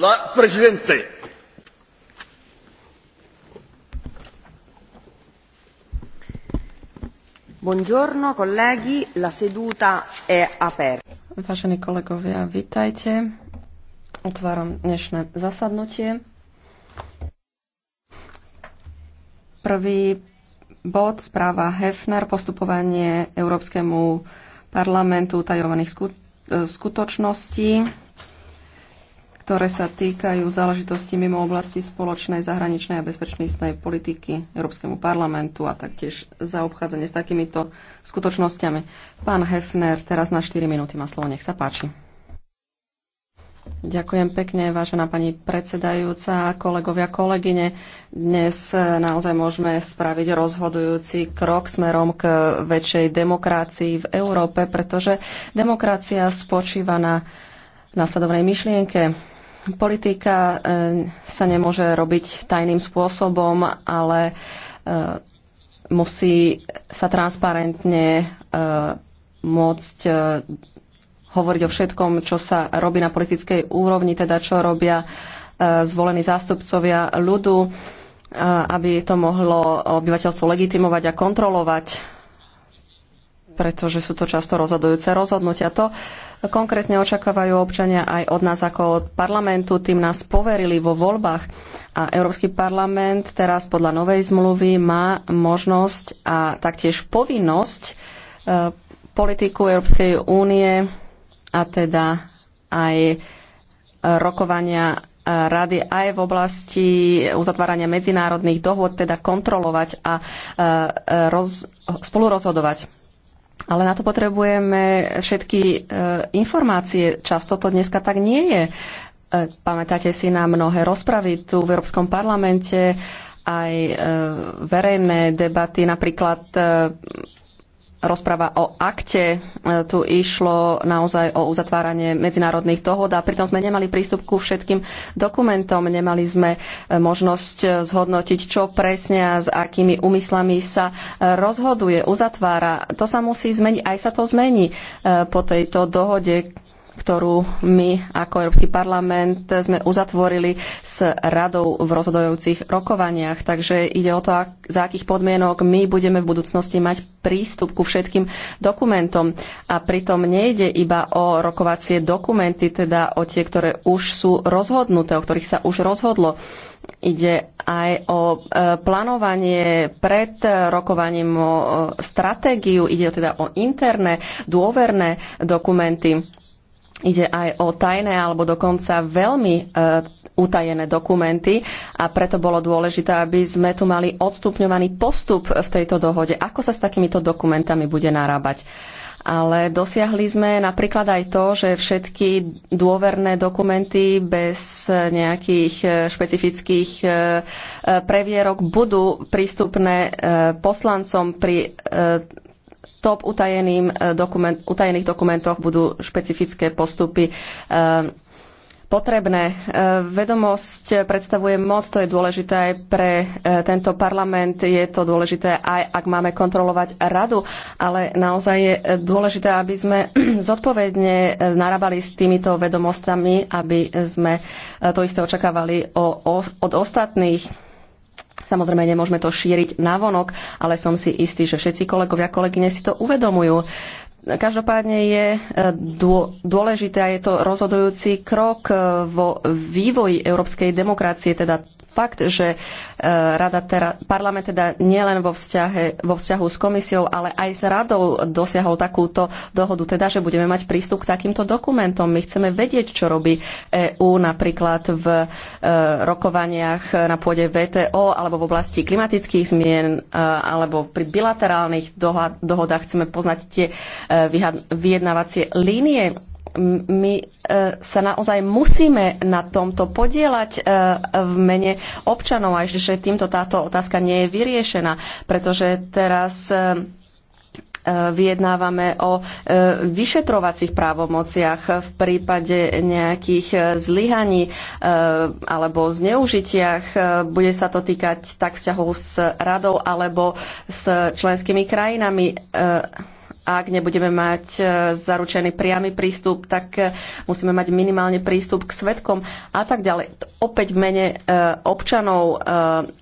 La Presidente. Buongiorno colleghi, la seduta è aperta. Vážení kolegovia, vitajte. Otváram dnešné zasadnutie. Prvý bod, správa Hefner, postupovanie Európskemu parlamentu utajovaných e, skutočností ktoré sa týkajú záležitosti mimo oblasti spoločnej zahraničnej a bezpečnostnej politiky Európskemu parlamentu a taktiež zaobchádzanie s takýmito skutočnosťami. Pán Hefner, teraz na 4 minúty má slovo, nech sa páči. Ďakujem pekne, vážená pani predsedajúca, kolegovia, kolegyne. Dnes naozaj môžeme spraviť rozhodujúci krok smerom k väčšej demokracii v Európe, pretože demokracia spočíva na nasledovnej myšlienke Politika e, sa nemôže robiť tajným spôsobom, ale e, musí sa transparentne e, môcť hovoriť o všetkom, čo sa robí na politickej úrovni, teda čo robia zvolení zástupcovia ľudu, aby to mohlo obyvateľstvo legitimovať a kontrolovať pretože sú to často rozhodujúce rozhodnutia. To konkrétne očakávajú občania aj od nás ako od parlamentu, tým nás poverili vo voľbách. A Európsky parlament teraz podľa novej zmluvy má možnosť a taktiež povinnosť e, politiku Európskej únie a teda aj e, rokovania e, rady aj v oblasti uzatvárania medzinárodných dohôd, teda kontrolovať a roz, spolurozhodovať. Ale na to potrebujeme všetky e, informácie. Často to dneska tak nie je. E, pamätáte si na mnohé rozpravy tu v Európskom parlamente, aj e, verejné debaty, napríklad rozpráva o akte. E, tu išlo naozaj o uzatváranie medzinárodných dohod a pritom sme nemali prístup ku všetkým dokumentom, nemali sme e, možnosť e, zhodnotiť, čo presne a s akými úmyslami sa rozhoduje, uzatvára. To sa musí zmeniť, aj sa to zmení po tejto dohode, ktorú my ako Európsky parlament sme uzatvorili s radou v rozhodujúcich rokovaniach. Takže ide o to, ak, za akých podmienok my budeme v budúcnosti mať prístup ku všetkým dokumentom. A pritom nejde iba o rokovacie dokumenty, teda o tie, ktoré už sú rozhodnuté, o ktorých sa už rozhodlo. Ide aj o e, plánovanie pred rokovaním o e, stratégiu, ide teda o interné, dôverné dokumenty Ide aj o tajné alebo dokonca veľmi e, utajené dokumenty a preto bolo dôležité, aby sme tu mali odstupňovaný postup v tejto dohode, ako sa s takýmito dokumentami bude narábať. Ale dosiahli sme napríklad aj to, že všetky dôverné dokumenty bez nejakých e, špecifických e, previerok budú prístupné poslancom pri top e, dokument, utajených dokumentoch budú špecifické postupy e, potrebné. E, vedomosť predstavuje moc, to je dôležité aj pre tento parlament, je to dôležité aj ak máme kontrolovať radu, ale naozaj je dôležité, aby sme zodpovedne narábali s týmito vedomostami, aby sme to isté očakávali od ostatných Samozrejme, nemôžeme to šíriť navonok, ale som si istý, že všetci kolegovia a kolegyne si to uvedomujú. Každopádne je e, dôležité a je to rozhodujúci krok e, vo vývoji európskej demokracie, teda fakt, že e, rada tera, parlament teda nielen vo, vzťahe, vo vzťahu s komisiou, ale aj s radou dosiahol takúto dohodu, teda, že budeme mať prístup k takýmto dokumentom. My chceme vedieť, čo robí EÚ napríklad v e, rokovaniach na pôde VTO alebo v oblasti klimatických zmien e, alebo pri bilaterálnych dohodách chceme poznať tie vyjednávacie línie my e, sa naozaj musíme na tomto podielať e, v mene občanov a ešte, že týmto táto otázka nie je vyriešená, pretože teraz e, vyjednávame o vyšetrovacích právomociach v prípade nejakých zlyhaní alebo zneužitiach. Bude sa to týkať tak vzťahov s radou alebo s členskými krajinami ak nebudeme mať e, zaručený priamy prístup, tak e, musíme mať minimálne prístup k svetkom a tak ďalej. Opäť v mene e, občanov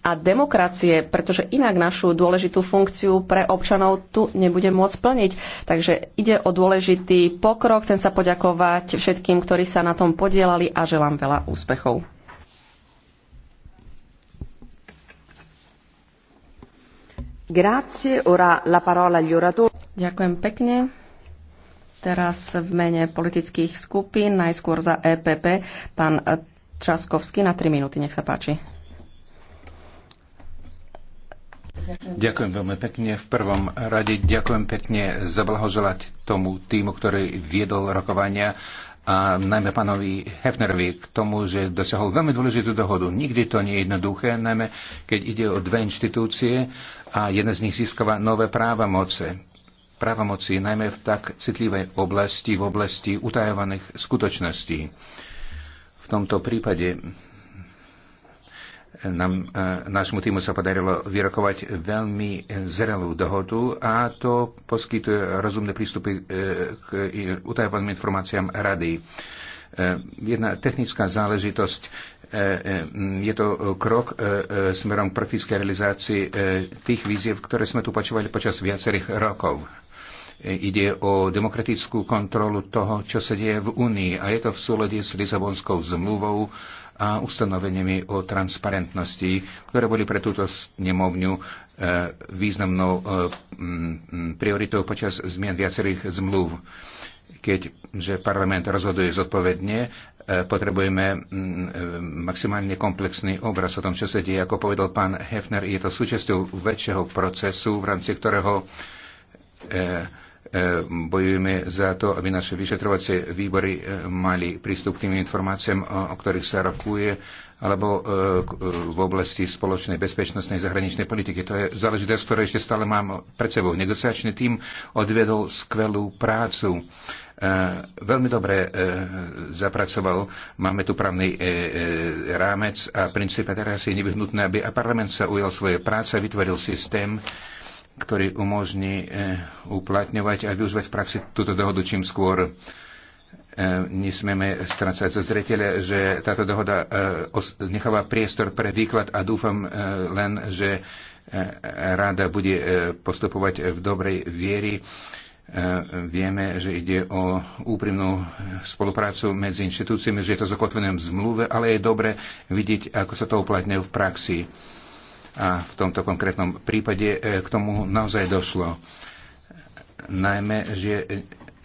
a demokracie, pretože inak našu dôležitú funkciu pre občanov tu nebude môcť plniť. Takže ide o dôležitý pokrok. Chcem sa poďakovať všetkým, ktorí sa na tom podielali a želám veľa úspechov. Grazie, ora la parola agli oratori. Ďakujem pekne. Teraz v mene politických skupín, najskôr za EPP, pán Časkovský na 3 minúty, nech sa páči. Ďakujem veľmi pekne. V prvom rade ďakujem pekne za blahoželať tomu týmu, ktorý viedol rokovania a najmä pánovi Hefnerovi k tomu, že dosiahol veľmi dôležitú dohodu. Nikdy to nie je jednoduché, najmä keď ide o dve inštitúcie a jedna z nich získava nové práva moce. Práva moci najmä v tak citlivej oblasti, v oblasti utajovaných skutočností. V tomto prípade nám, e, nášmu týmu sa podarilo vyrokovať veľmi zrelú dohodu a to poskytuje rozumné prístupy e, k utajovaným informáciám rady. E, jedna technická záležitosť, je to krok smerom k praktickej realizácii tých víziev, ktoré sme tu počúvali počas viacerých rokov. Ide o demokratickú kontrolu toho, čo sa deje v Únii a je to v súlade s Lisabonskou zmluvou a ustanoveniami o transparentnosti, ktoré boli pre túto snemovňu e, významnou e, prioritou počas zmien viacerých zmluv. Keďže parlament rozhoduje zodpovedne, e, potrebujeme maximálne komplexný obraz o tom, čo sa deje. Ako povedal pán Hefner, je to súčasťou väčšieho procesu, v rámci ktorého E, bojujeme za to, aby naše vyšetrovacie výbory e, mali prístup k tým informáciám, o ktorých sa rokuje, alebo e, v oblasti spoločnej bezpečnostnej zahraničnej politiky. To je záležitosť, ktorú ešte stále mám pred sebou. Negociačný tým odvedol skvelú prácu. Veľmi dobre zapracoval. Máme tu právny rámec a princípe teraz je nevyhnutné, aby a parlament sa ujal svoje práce a vytvoril systém, ktorý umožní e, uplatňovať a využívať v praxi túto dohodu čím skôr. E, nesmieme strácať zo zreteľa, že táto dohoda e, necháva priestor pre výklad a dúfam len, že rada bude postupovať v dobrej viery. Vieme, že ide o úprimnú spoluprácu medzi inštitúciami, že je to zakotvené v zmluve, ale je dobre vidieť, ako sa to uplatňuje v praxi. A v tomto konkrétnom prípade e, k tomu naozaj došlo. Najmä, že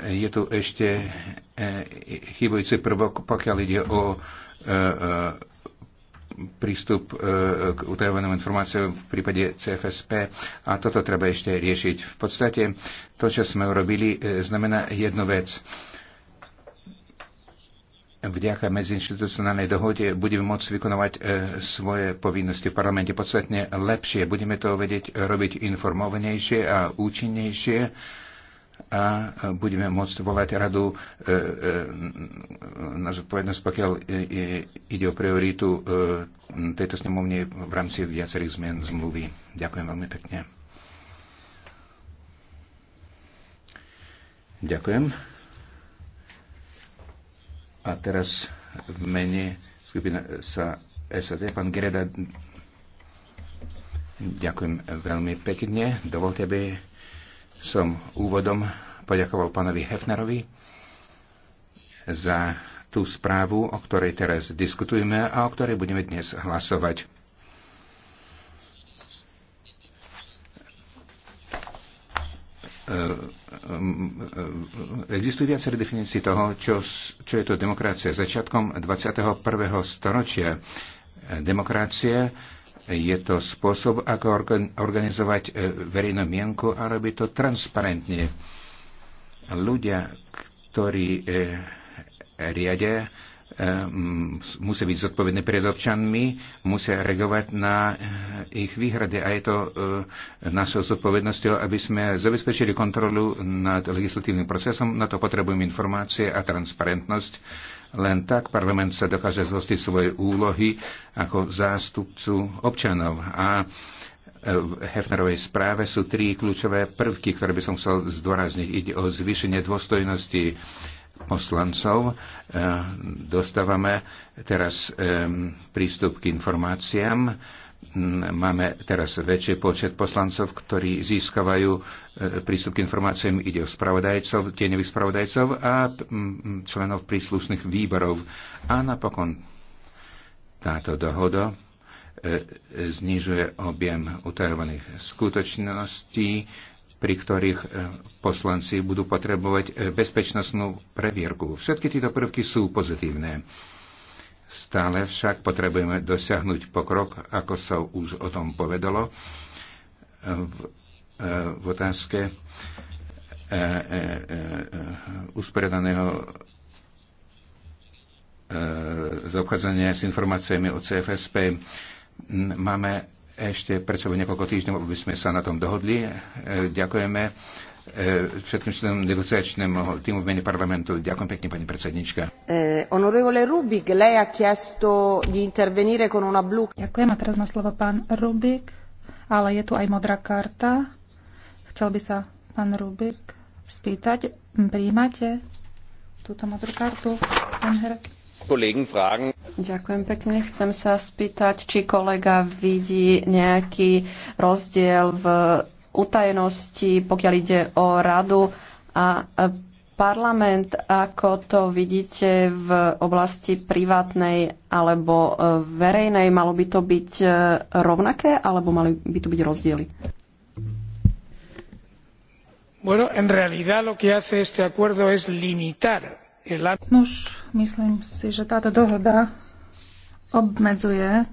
je tu ešte e, chybujúci prvok, pokiaľ ide o e, prístup k utajovaným informáciám v prípade CFSP a toto treba ešte riešiť. V podstate to, čo sme urobili, znamená jednu vec vďaka medziinstitucionálnej dohode budeme môcť vykonovať e, svoje povinnosti v parlamente podstatne lepšie. Budeme to vedieť robiť informovanejšie a účinnejšie a e, budeme môcť volať radu e, na zodpovednosť, pokiaľ ide o prioritu tejto snemovne v rámci viacerých zmien zmluvy. Ďakujem veľmi pekne. Ďakujem. A teraz v mene skupina sa SAD, pán Gereda, ďakujem veľmi pekne. Dovolte, aby som úvodom poďakoval pánovi Hefnerovi za tú správu, o ktorej teraz diskutujeme a o ktorej budeme dnes hlasovať. E Ehm, ehm, existujú viaceré definície toho, čo, čo je to demokracia. Začiatkom 21. storočia eh, demokracie je to spôsob, ako organizovať eh, verejnú mienku a robiť to transparentne. Ľudia, ktorí eh, riadia, E, musia byť zodpovední pred občanmi, musia reagovať na e, ich výhrady a je to e, našou zodpovednosťou, aby sme zabezpečili kontrolu nad legislatívnym procesom. Na to potrebujeme informácie a transparentnosť. Len tak parlament sa dokáže zhostiť svoje úlohy ako zástupcu občanov. A v Hefnerovej správe sú tri kľúčové prvky, ktoré by som chcel zdôrazniť. Ide o zvýšenie dôstojnosti poslancov. E, dostávame teraz e, prístup k informáciám. Máme teraz väčší počet poslancov, ktorí získavajú e, prístup k informáciám. Ide o spravodajcov, tieňových spravodajcov a členov príslušných výborov. A napokon táto dohoda znižuje objem utajovaných skutočností, pri ktorých e, poslanci budú potrebovať e, bezpečnostnú previerku. Všetky tieto prvky sú pozitívne. Stále však potrebujeme dosiahnuť pokrok, ako sa už o tom povedalo e, v, v otázke usporiadaného zaobchádzania s informáciami o CFSP. Máme ešte pred sebou niekoľko týždňov, aby sme sa na tom dohodli. E, ďakujeme e, všetkým členom negociačnému týmu v mene parlamentu. Ďakujem pekne, pani predsednička. Eh, onorevole Rubik, lei ha chiesto di intervenire con una blu... Ďakujem a teraz má slovo pán Rubik, ale je tu aj modrá karta. Chcel by sa pán Rubik spýtať, príjmate túto modrú kartu, pán Herr? Ďakujem pekne. Chcem sa spýtať, či kolega vidí nejaký rozdiel v utajenosti, pokiaľ ide o radu a parlament, ako to vidíte v oblasti privátnej alebo e, verejnej, malo by to byť e, rovnaké alebo mali by to byť rozdiely? Bueno, en realidad lo que hace este acuerdo es limitar Nuž, myslím si, že táto dohoda obmedzuje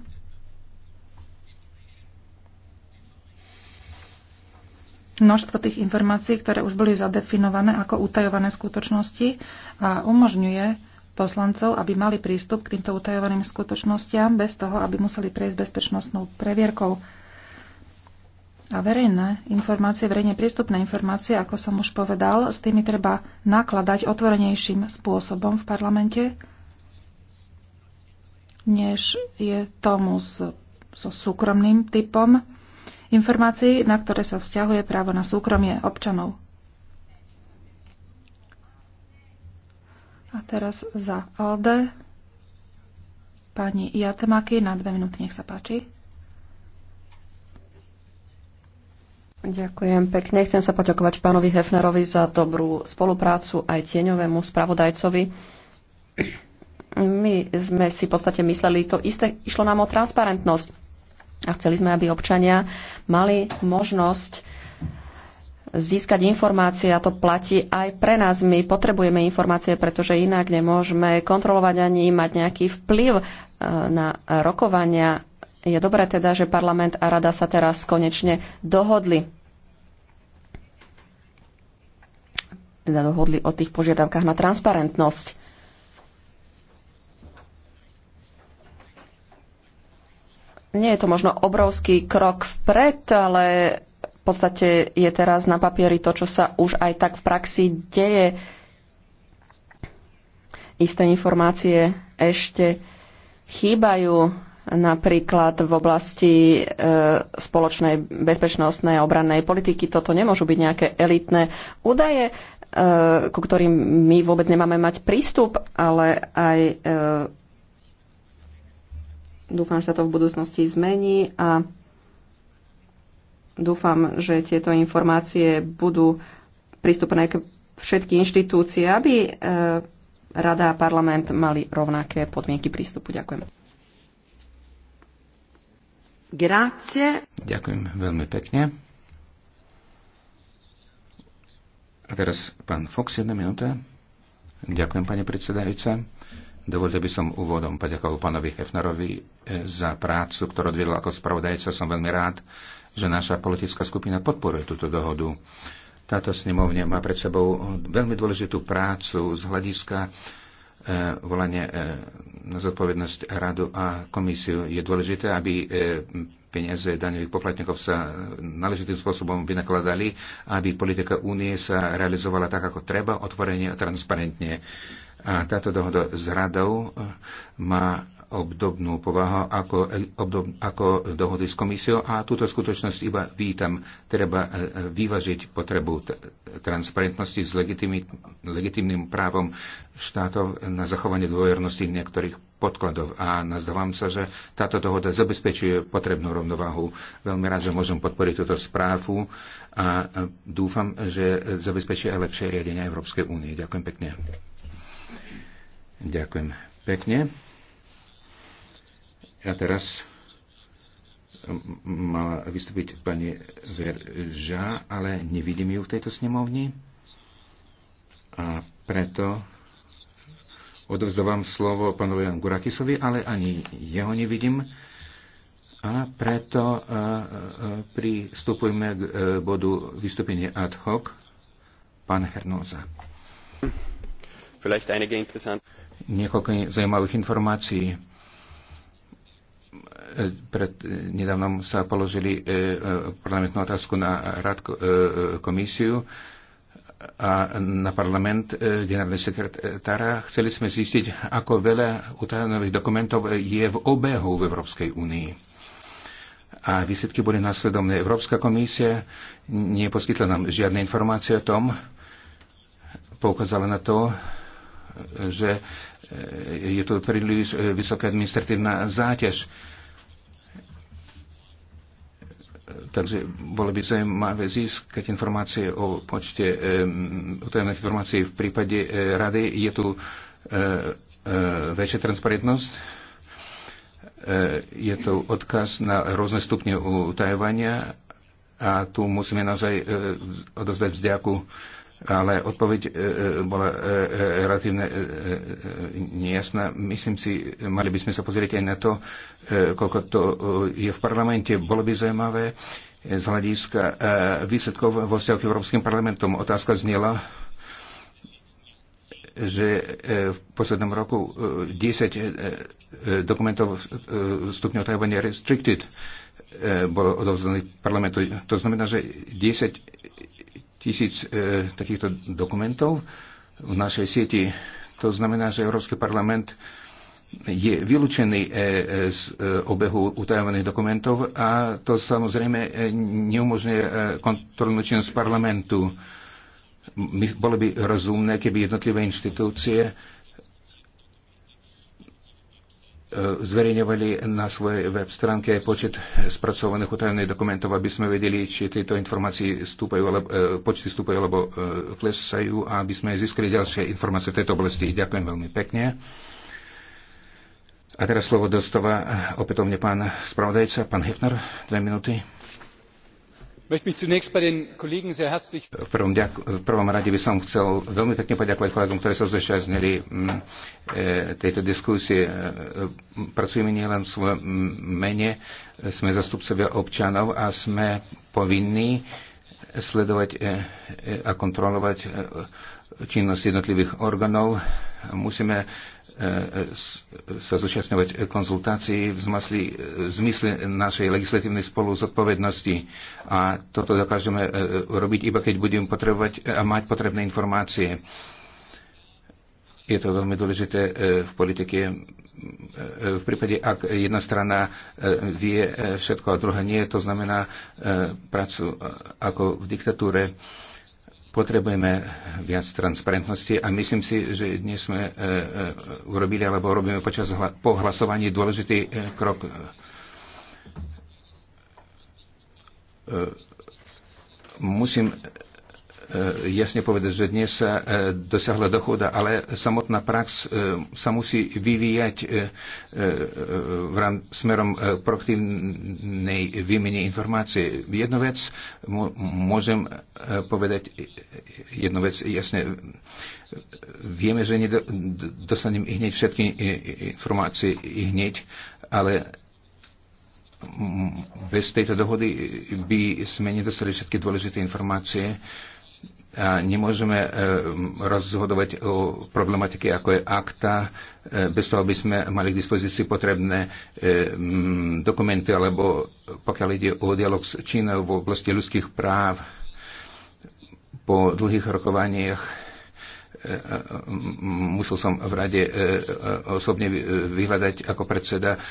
množstvo tých informácií, ktoré už boli zadefinované ako utajované skutočnosti a umožňuje poslancov, aby mali prístup k týmto utajovaným skutočnostiam bez toho, aby museli prejsť bezpečnostnou previerkou. A verejné informácie, verejne prístupné informácie, ako som už povedal, s tými treba nakladať otvorenejším spôsobom v parlamente, než je tomu so súkromným typom informácií, na ktoré sa vzťahuje právo na súkromie občanov. A teraz za ALDE pani Jatemaky na dve minúty, nech sa páči. Ďakujem pekne. Chcem sa poďakovať pánovi Hefnerovi za dobrú spoluprácu aj tieňovému spravodajcovi. My sme si v podstate mysleli to isté, išlo nám o transparentnosť a chceli sme, aby občania mali možnosť získať informácie a to platí aj pre nás. My potrebujeme informácie, pretože inak nemôžeme kontrolovať ani mať nejaký vplyv eh, na rokovania je dobré teda, že parlament a rada sa teraz konečne dohodli. Teda dohodli o tých požiadavkách na transparentnosť. Nie je to možno obrovský krok vpred, ale v podstate je teraz na papieri to, čo sa už aj tak v praxi deje. Isté informácie ešte chýbajú napríklad v oblasti e, spoločnej bezpečnostnej a obrannej politiky. Toto nemôžu byť nejaké elitné údaje, e, ku ktorým my vôbec nemáme mať prístup, ale aj e, dúfam, že sa to v budúcnosti zmení a dúfam, že tieto informácie budú prístupné k všetky inštitúcie, aby Rada a parlament mali rovnaké podmienky prístupu. Ďakujem. Grazie. Ďakujem veľmi pekne. A teraz pán Fox, jedna minúta. Ďakujem, pani predsedajúca. Dovolte by som úvodom poďakoval pánovi Hefnerovi eh, za prácu, ktorú odviedol ako spravodajca. Som veľmi rád, že naša politická skupina podporuje túto dohodu. Táto snemovňa má pred sebou veľmi dôležitú prácu z hľadiska E, volanie e, na zodpovednosť radu a komisiu. Je dôležité, aby e, peniaze daňových poplatníkov sa náležitým spôsobom vynakladali, aby politika únie sa realizovala tak, ako treba, otvorene a transparentne. A táto dohoda s radou má obdobnú povahu ako, obdob, ako dohody s komisiou a túto skutočnosť iba vítam. Treba e, e, vyvažiť potrebu transparentnosti s legitimným, legitimným právom štátov na zachovanie dôvernosti niektorých podkladov a nazdávam sa, že táto dohoda zabezpečuje potrebnú rovnováhu. Veľmi rád, že môžem podporiť túto správu a e, dúfam, že zabezpečí aj lepšie riadenie Európskej únie. Ďakujem pekne. Ďakujem pekne. A teraz mala vystúpiť pani Verža, ale nevidím ju v tejto snemovni. A preto odovzdávam slovo pánovi Gurakisovi, ale ani jeho nevidím. A preto e, e, pristupujeme k e, bodu vystúpenie ad hoc. Pán Hernoza. Niekoľko zaujímavých informácií E, pred e, nedávnom sa položili e, parlamentnú otázku na rad komisiu a na parlament generálne sekretára. Chceli sme zistiť, ako veľa utajených dokumentov je v obehu v Európskej únii. A výsledky boli následovné. Európska komisia neposkytla nám žiadne informácie o tom, poukázala na to, že je to príliš vysoká administratívna záťaž Takže bolo by zaujímavé získať informácie o počte utajených informácií v prípade eh, rady. Je tu eh, eh, väčšia transparentnosť. Je tu odkaz na rôzne stupne utajovania a tu musíme naozaj odovzdať vzďaku ale odpoveď e, e, bola e, relatívne nejasná. Myslím si, mali by sme sa pozrieť aj na to, koľko to je v parlamente. Bolo by zaujímavé z hľadiska výsledkov vo vzťahu k Európskym parlamentom. Otázka zniela, že v poslednom roku 10 dokumentov stupňov Tajvania restricted bolo odovzdaných parlamentu. To znamená, že 10 tisíc e, takýchto dokumentov v našej sieti. To znamená, že Európsky parlament je vylúčený e, e z e, obehu utajovaných dokumentov a to samozrejme e, neumožňuje e, kontrolnú činnosť parlamentu. My, bolo by rozumné, keby jednotlivé inštitúcie e, zverejňovali na svojej web stránke počet spracovaných utajených dokumentov, aby sme vedeli, či tieto informácie stúpajú, alebo, e, počty stúpajú alebo e, klesajú a aby sme získali ďalšie informácie v tejto oblasti. Ďakujem veľmi pekne. A teraz slovo dostáva opätovne pán spravodajca, pán Hefner, dve minúty. V prvom, rade by som chcel veľmi pekne poďakovať kolegom, ktorí sa zúčastnili mm, e, tejto diskusie. E, pracujeme nielen v svojom mene, sme zastupcovia občanov a sme povinní sledovať e, a kontrolovať činnosť jednotlivých orgánov. Musíme E, e, sa zúčastňovať konzultácií v zmysle, v e, zmysle našej legislatívnej spolu zodpovednosti. A toto dokážeme robiť iba keď budeme potrebovať a mať potrebné informácie. Je to veľmi dôležité v politike. V prípade, ak jedna strana vie všetko a druhá nie, to znamená prácu ako v diktatúre Potrebujeme viac transparentnosti a myslím si, že dnes sme e, e, urobili alebo robíme počas hla, po hlasovaní dôležitý e, krok. Musím E, jasne povedať, že dnes sa e, dosiahla dochoda, ale samotná prax e, sa musí vyvíjať smerom proaktívnej výmene informácie. Jednu vec môžem povedať, jednu vec jasne vieme, že nedostanem hneď všetky informácie hneď, ale bez tejto dohody by sme nedostali všetky dôležité informácie, a nemôžeme e, rozhodovať o problematike ako je akta, e, bez toho by sme mali k dispozícii potrebné e, dokumenty, alebo pokiaľ ide o dialog s Čínou v oblasti ľudských práv, po dlhých rokovaniach musel som v rade osobne vyhľadať ako predseda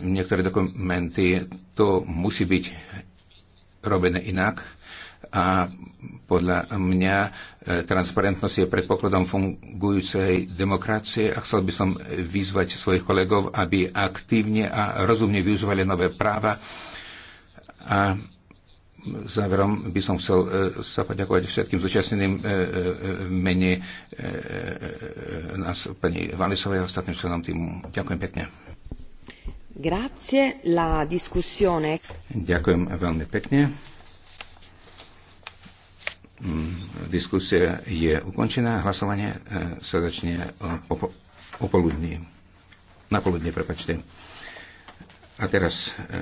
niektoré dokumenty. To musí byť robené inak a podľa mňa e, transparentnosť je predpokladom fungujúcej demokracie a chcel by som vyzvať svojich kolegov, aby aktívne a rozumne využívali nové práva a záverom by som chcel e, sa poďakovať všetkým zúčastneným e, mene nás pani Valisovej a ostatným členom týmu. Ďakujem pekne. Grazie, la discussione. Ďakujem veľmi pekne. Mm, diskusia je ukončená. Hlasovanie e, sa začne e, o poludní. Na poludne, prepačte. A teraz e,